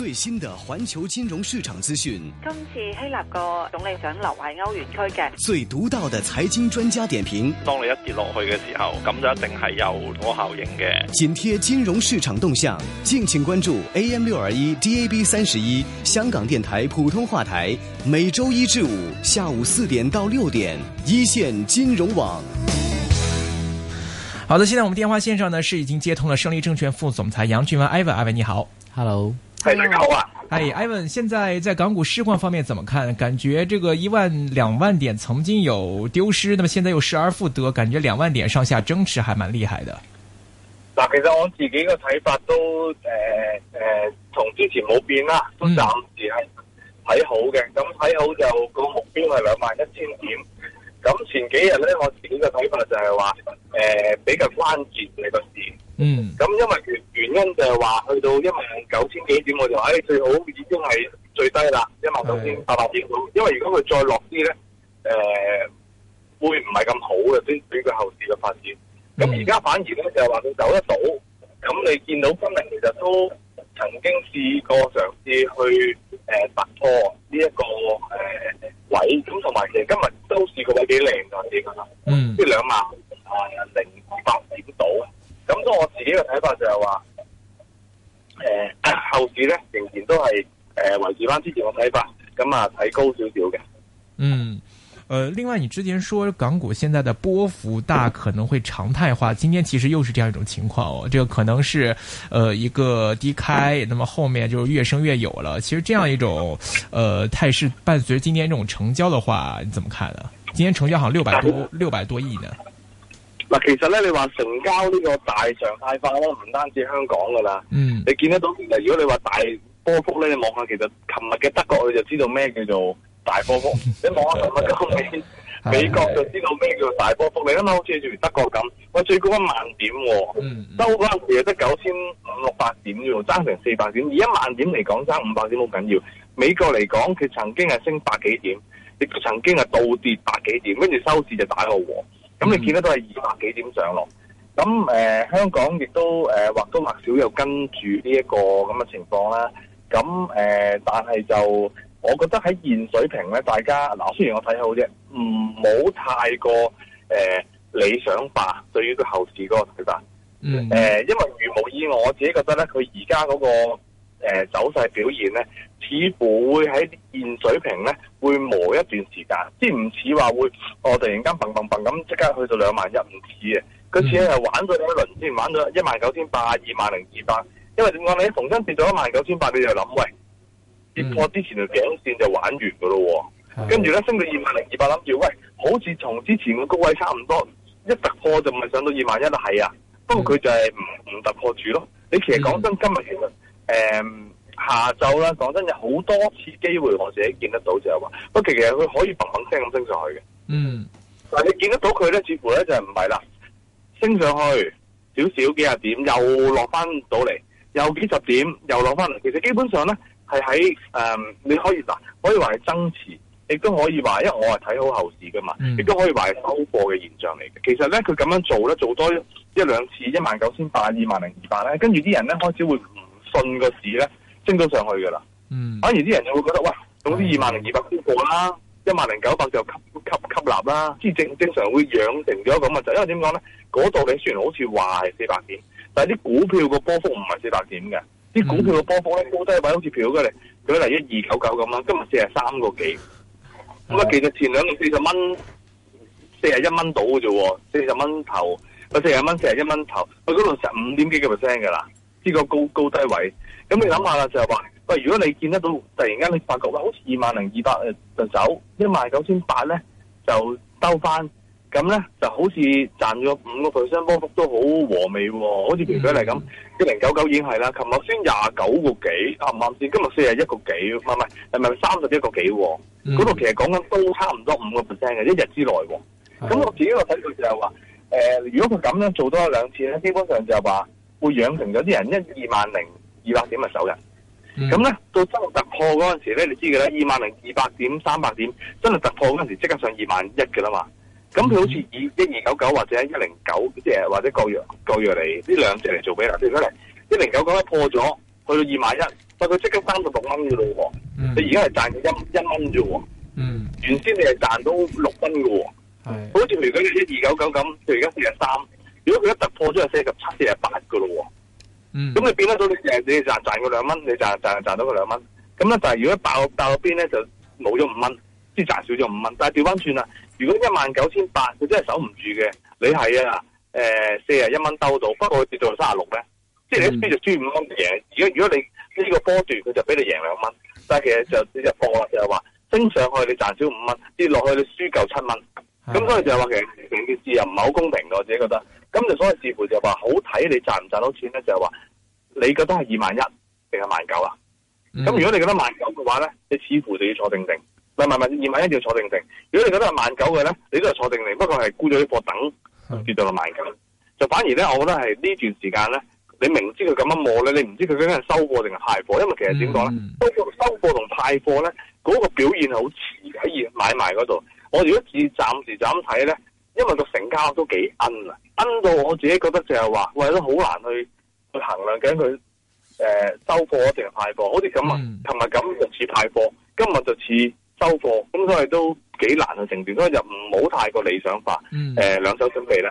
最新的環球金融市場資訊。今次希臘個總理想留喺歐元區嘅。最獨到的財經專家點評。當你一跌落去嘅時候，咁就一定係有多效應嘅。緊貼金融市場動向，敬請關注 AM 六二一 DAB 三十一香港電台普通話台，每周一至五下午四點到六點一線金融網。好的，現在我們電話線上呢是已經接通了勝利證券副總裁楊俊文 Ivan，Ivan，你好，Hello。睇得好啊！哎，Ivan，現在在港股市況方面怎麼看？感覺這個一萬兩萬點曾經有丟失，那麼現在又失而復得，感覺兩萬點上下爭持還蠻厲害的。嗱，其實我自己嘅睇法都誒誒，同、呃呃、之前冇變啦，都暫時係睇好嘅。咁、嗯、睇好就個目標係兩萬一千點。咁前幾日咧，我自己嘅睇法就係話，誒、呃，比較關鍵呢個事。嗯。咁因為原原因就係話去到因為。九千幾點我就誒、哎、最好已經係最低啦，一萬九千八百點，因為如果佢再落啲咧，誒、呃、會唔係咁好嘅先比佢後市嘅發展。咁而家反而咧就話佢走得到，咁你見到今日其實都曾經試過嘗試去誒突破呢一個、呃、位，咁同埋其實今日都試過位幾靚點噶啦，即係兩萬零二百點度。咁所以我自己嘅睇法就係話。股市呢，仍然都係誒維持翻之前嘅睇法，咁啊睇高少少嘅。嗯，呃另外你之前說港股現在的波幅大可能會常態化，今天其實又是這樣一種情況哦。這個可能是呃一個低開，那麼後面就越升越有了。其實這樣一種呃態勢，伴隨今天這種成交的話，你怎麼看呢？今天成交好像六百多六百多億呢。嗱，其實咧，你話成交呢個大常態化咧，唔單止香港噶啦、嗯，你見得到。如果你話大波幅咧，你望下，其實琴日嘅德國，你就知道咩叫做大波幅。 你望下琴日今美美國，就知道咩叫做大波幅。你諗下好似譬如德國咁，我最高一萬點、啊嗯、點、點，收翻佢又得九千五六百點嘅，爭成四百點。而一萬點嚟講，爭五百點好緊要。美國嚟講，佢曾經係升百幾點，亦曾經係倒跌百幾點，跟住收市就大好。咁、嗯、你見得都係二百幾點上落，咁、呃、香港亦都誒、呃、或多或少有跟住呢一個咁嘅情況啦。咁誒、呃，但係就我覺得喺現水平咧，大家嗱雖然我睇好啫，唔好太過誒、呃、理想化對於佢後市嗰個睇法。嗯、呃。因為如無意外，我自己覺得咧，佢而家嗰個、呃、走勢表現咧。似乎會喺現水平咧，會磨一段時間，即唔似話會我、哦、突然間砰砰砰咁即刻去到兩萬一，唔似嘅。嗯、佢似係玩咗一輪先，玩咗一萬九千八、二萬零二百。因為點講，你重新跌咗一萬九千八，你就諗喂，跌破之前嘅頸線就玩完噶咯。跟住咧升到二萬零二百，諗住喂，好似從之前嘅高位差唔多，一突破就唔係上到二萬一啦。係啊、嗯，不過佢就係唔突破住咯。你其實講真，嗯、今日其實誒。嗯下晝啦，講真，有好多次機會我自己見得到就係話，不過其實佢可以砰砰聲咁升上去嘅。嗯、mm.，但係你見得到佢咧，似乎咧就唔係啦，升上去少少幾廿點，又落翻到嚟，又幾十點，又落翻嚟。其實基本上咧係喺誒，你可以嗱，可以話係增持，亦都可以話，因為我係睇好後市噶嘛，亦、mm. 都可以話係收貨嘅現象嚟嘅。其實咧佢咁樣做咧，做多一兩次一萬九千八二萬零二百咧，跟住啲人咧開始會唔信個市咧。升咗上去噶啦，嗯，反而啲人就會覺得，喂，總之二萬零二百沽貨啦，一萬零九百就吸吸吸納啦，即係正正常會養成咗咁嘅就，因為點講咧？嗰度你雖然好似話係四百點，但係啲股票個波幅唔係四百點嘅，啲股票個波幅咧高低位好似漂嘅咧，舉例一二九九咁啦，今日四十三個幾，咁、嗯、啊，其實前兩年四十蚊，四廿一蚊到嘅啫，四十蚊頭，四十蚊四廿一蚊頭，佢嗰度十五點幾個 percent 嘅啦，呢、這個高高低位。咁你諗下啦，就係話喂，如果你見得到突然間你發覺喂，好似二萬零二百誒就走一萬九千八咧，19, 就收翻，咁咧就好似賺咗五個 percent 波幅都好和味，好似肥肥嚟咁，一零九九已經係啦，琴日先廿九個幾，啊唔先今日四十一個幾，唔係唔係，唔係三十一個幾，嗰、mm、度 -hmm. 其實講緊都差唔多五個 percent 嘅，一日之內，咁我自己個睇佢就係話，誒、呃，如果佢咁樣做多一兩次咧，基本上就係話會養成咗啲人一二萬零。120, 000, 二百點咪走人，咁、嗯、咧到真係突破嗰陣時咧，你知嘅啦，二萬零二百點、三百點真係突破嗰陣時，即刻上二萬一嘅啦嘛。咁、嗯、佢好似以一二九九或者一零九即係或者國藥、國藥嚟呢兩隻嚟做比啦，譬如翻嚟一零九九一破咗去到二萬一，但係佢即刻翻到六蚊嘅咯喎，佢而家係賺咗一一蚊啫喎，原先你係賺到六蚊嘅喎，係好似如，如，如果一二九九咁，佢而家四十三，如果佢一突破咗係四十七、四十八嘅咁、嗯、你變得到你賺你賺賺個兩蚊，你賺賺賺到個兩蚊，咁咧就係如果爆爆邊咧就冇咗五蚊，即係賺少咗五蚊。但係調翻轉啦，如果一萬九千八，佢真係守唔住嘅。你係啊，誒四啊一蚊兜到，不過佢跌到三十六咧，即係 S P 就輸五蚊嘅嘢。如果你呢個波段，佢就俾你贏兩蚊，但係其實就你就博啦，就係話升上去你賺少五蚊，跌落去你輸夠七蚊。咁所以就係話，其實成件事又唔係好公平，我自己覺得。咁就所謂似乎就話好睇你賺唔賺到錢咧，就係、是、話你覺得係二萬一定係萬九啊？咁、mm -hmm. 如果你覺得萬九嘅話咧，你似乎就要坐定定，唔係唔係二萬一定要坐定定。如果你覺得係萬九嘅咧，你都係坐定定，不過係沽咗啲貨等跌到落萬九，mm -hmm. 就反而咧，我覺得係呢段時間咧，你明知佢咁樣磨咧，你唔知佢究竟係收貨定係派貨，因為其實點講咧，因、mm、為 -hmm. 收貨同派貨咧嗰、那個表現係好似喺買賣嗰度。我如果只暫時就咁睇咧。因為個成交都幾奀啊，奀到我自己覺得就係話，喂，都好難去去衡量緊佢，誒、呃、收貨定係派貨，好似今日同埋琴日咁就似派貨，今日就似收貨，咁所以都幾難去成斷，所以就唔好太過理想化，誒、嗯、兩、呃、手準備啦。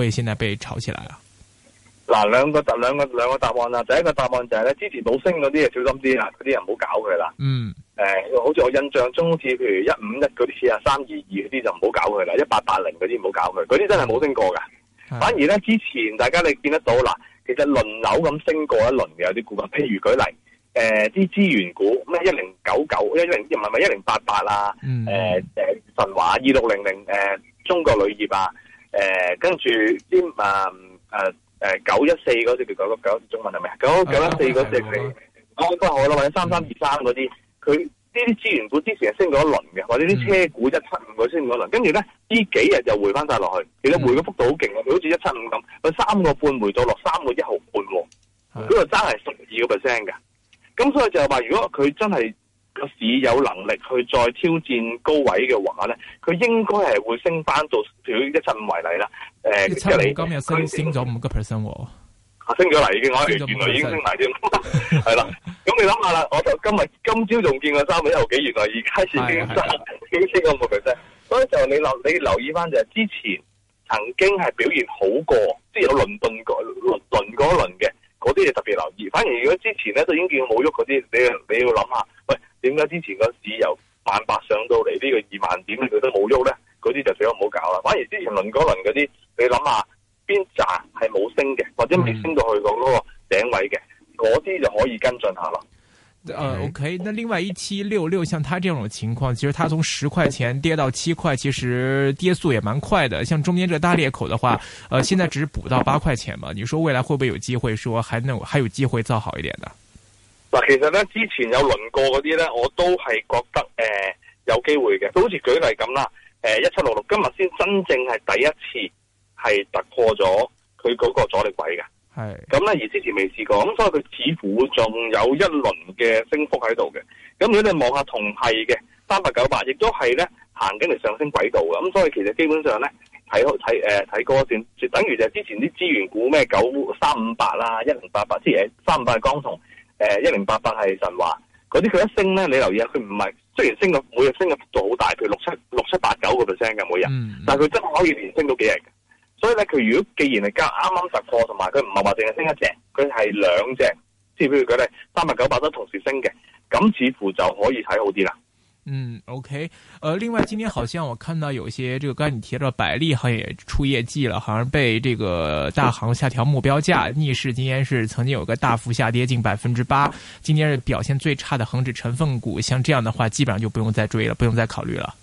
所以現在被炒起來了。嗱，兩個答兩個兩個答案啦。第一個答案就係、是、咧，之前冇升嗰啲嘢小心啲啦，嗰啲人唔好搞佢啦。嗯。誒、呃，好似我印象中，好似譬如一五一嗰啲似啊，三二二嗰啲就唔好搞佢啦，一八八零嗰啲唔好搞佢，嗰啲真係冇升過噶、嗯。反而咧，之前大家你見得到嗱，其實輪流咁升過一輪嘅有啲股份，譬如舉例，誒、呃，啲資源股咩一零九九一零唔係唔係一零八八啦，誒誒 10,、嗯呃，神華二六零零，誒、呃，中國鋁業啊。誒、呃，跟住啲誒誒誒九一四嗰隻叫九九九中文係咪？九九一四嗰隻嚟，開得好啦，或者三三二三嗰啲，佢呢啲資源股之前係升咗一輪嘅，或者啲車股一七五佢升咗輪，跟住咧呢幾日就回翻晒落去，其實回個幅度好勁嘅，佢好似一七五咁，佢三個半回到落三個一毫半，佢又真係十二個 percent 嘅，咁、嗯、所以就係話如果佢真係。個市有能力去再挑戰高位嘅話咧，佢應該係會升翻到，一七五為例啦。誒、呃，一七五今日升升咗五個 percent，升咗嚟嘅我哋原來已經升埋添，係 啦。 咁你諗下啦，我就今日今朝仲見過三個三一後幾，原來而家是三五升咗五個 percent。時 候你留你留意翻就係之前曾經係表現好過，即、就、係、是、有輪頓輪輪輪嘅嗰啲嘢特別留意。反而如果之前咧都已經見冇喐嗰啲，你。之前個市由萬八上到嚟，這個，呢個二萬點你佢都冇喐咧，嗰啲就最好唔好搞啦。反而之前輪嗰輪嗰啲，你諗下邊扎係冇升嘅，或者未升到去的那個嗰個頂位嘅，嗰啲就可以跟進下啦。誒、嗯嗯啊、，OK。那另外一七六六，像他這種情況，其實他從十塊錢跌到七塊，其實跌速也蠻快的。像中間這個大裂口的話，呃，現在只補補到八塊錢嘛。你說未來會不會有機會說，說還能還有機會造好一點呢？嗱，其實咧之前有輪過嗰啲咧，我都係覺得誒、呃、有機會嘅。就好似舉例咁啦，誒一七六六今日先真正係第一次係突破咗佢嗰個阻力位嘅，係咁咧而之前未試過，咁所以佢似乎仲有一輪嘅升幅喺度嘅。咁如果你望下同係嘅三百九八，亦都係咧行緊嚟上升軌道嘅。咁所以其實基本上咧睇睇誒睇嗰一段，等於就之前啲資源股咩九三五八啦、一零八八啲嘢，三五八江銅。誒一零八八係神話，嗰啲佢一升咧，你留意下，佢唔係雖然升到每日升嘅幅度好大，譬如六七六七八九個 percent 嘅每日，mm -hmm. 但係佢真係可以連升到幾日嘅。所以咧，佢如果既然係加啱啱突破，同埋佢唔係話淨係升一隻，佢係兩隻，即係譬如佢哋三百九百都同時升嘅，咁似乎就可以睇好啲啦。嗯，OK，呃另外，今天好像我看到有些，這個剛才你提到百利，好像也出業績了，好像被這個大行下調目標價，逆市。今天是曾經有個大幅下跌近百分之八，今天是表現最差的恒指成分股。像這樣的話，基本上就不用再追了，不用再考慮啦。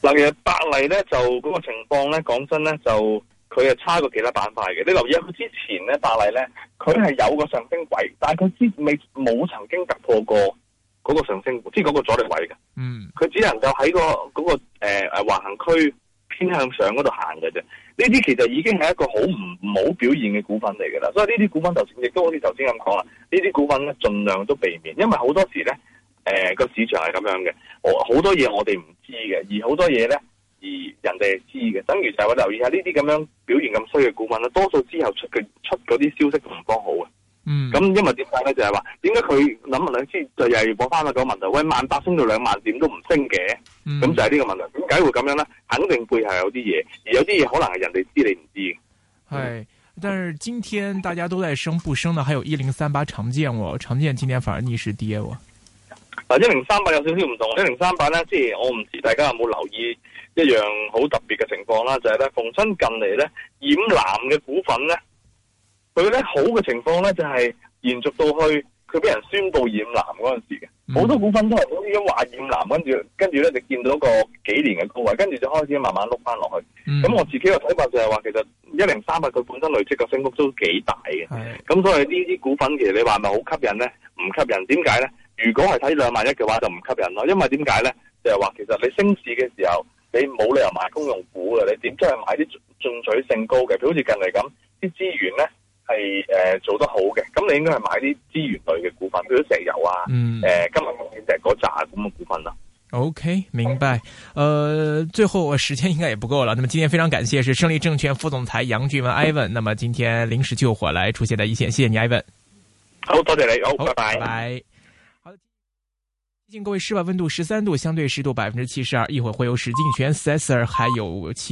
嗱，其實百利呢，就嗰、這個情況呢，講真呢，就佢係差過其他板塊嘅。你留意下佢之前呢，百利呢，佢係有個上升軌，但係佢之未冇曾經突破過，嗰、那個上升，即係嗰個阻力位嘅，嗯，佢只能夠喺、那個嗰、那個誒誒、呃、橫行區偏向上嗰度行嘅啫。呢啲其實已經係一個好唔唔好表現嘅股份嚟㗎啦。所以呢啲股份就亦都好似頭先咁講啦，呢啲股份咧盡量都避免，因為好多時咧個、呃、市場係咁樣嘅，好多嘢我哋唔知嘅，而好多嘢咧而人哋係知嘅，等於就係我留意下呢啲咁樣表現咁衰嘅股份啦，多數之後出嘅出嗰啲消息唔幫好嘅。嗯，咁因為點解咧？就係、是、話，點解佢諗唔諗先？就又係講翻個個問題，喂，萬八升到兩萬，點都唔升嘅，咁、嗯、就係呢個問題。點解會咁樣咧？肯定背後有啲嘢，而有啲嘢可能係人哋知你唔知。係，但是今天大家都在升，不升呢？還有一零三八長建，長建今天反而逆市跌喎。嗱，一零三八有少少唔同，一零三八咧，即係我唔知大家有冇留意一樣好特別嘅情況啦，就係、是、咧，逢親近嚟咧染藍嘅股份咧。佢咧好嘅情況咧就係、是、延續到去佢俾人宣布染藍嗰陣時嘅，好、嗯、多股份都係咁樣話染藍，跟住跟住咧就見到一個幾年嘅高位，跟住就開始慢慢碌翻落去。咁、嗯、我自己嘅睇法就係話，其實一零三八佢本身累積嘅升幅都幾大嘅。咁所以呢啲股份其實你話咪好吸引咧？唔吸引？點解咧？如果係睇兩萬一嘅話，就唔吸引咯。因為點解咧？就係、是、話其實你升市嘅時候，你冇理由買公用股嘅，你點真係買啲進取性高嘅？佢好似近嚟咁啲資源咧。係誒、呃、做得好嘅，咁你應該係買啲資源類嘅股份，譬如石油啊，誒今日鑽石嗰扎咁嘅股份啦、啊。OK，明白。誒、呃，最後時間應該也不夠啦。那麼今天非常感謝，是勝利證券副總裁楊俊文 Ivan。那麼今天臨時救火來出現在一線，謝謝你 Ivan。好多謝你好，好，拜拜。拜，拜，好。提醒各位室外温度十三度，相對濕度百分之七十二，一會會有石敬全、Sister 還有。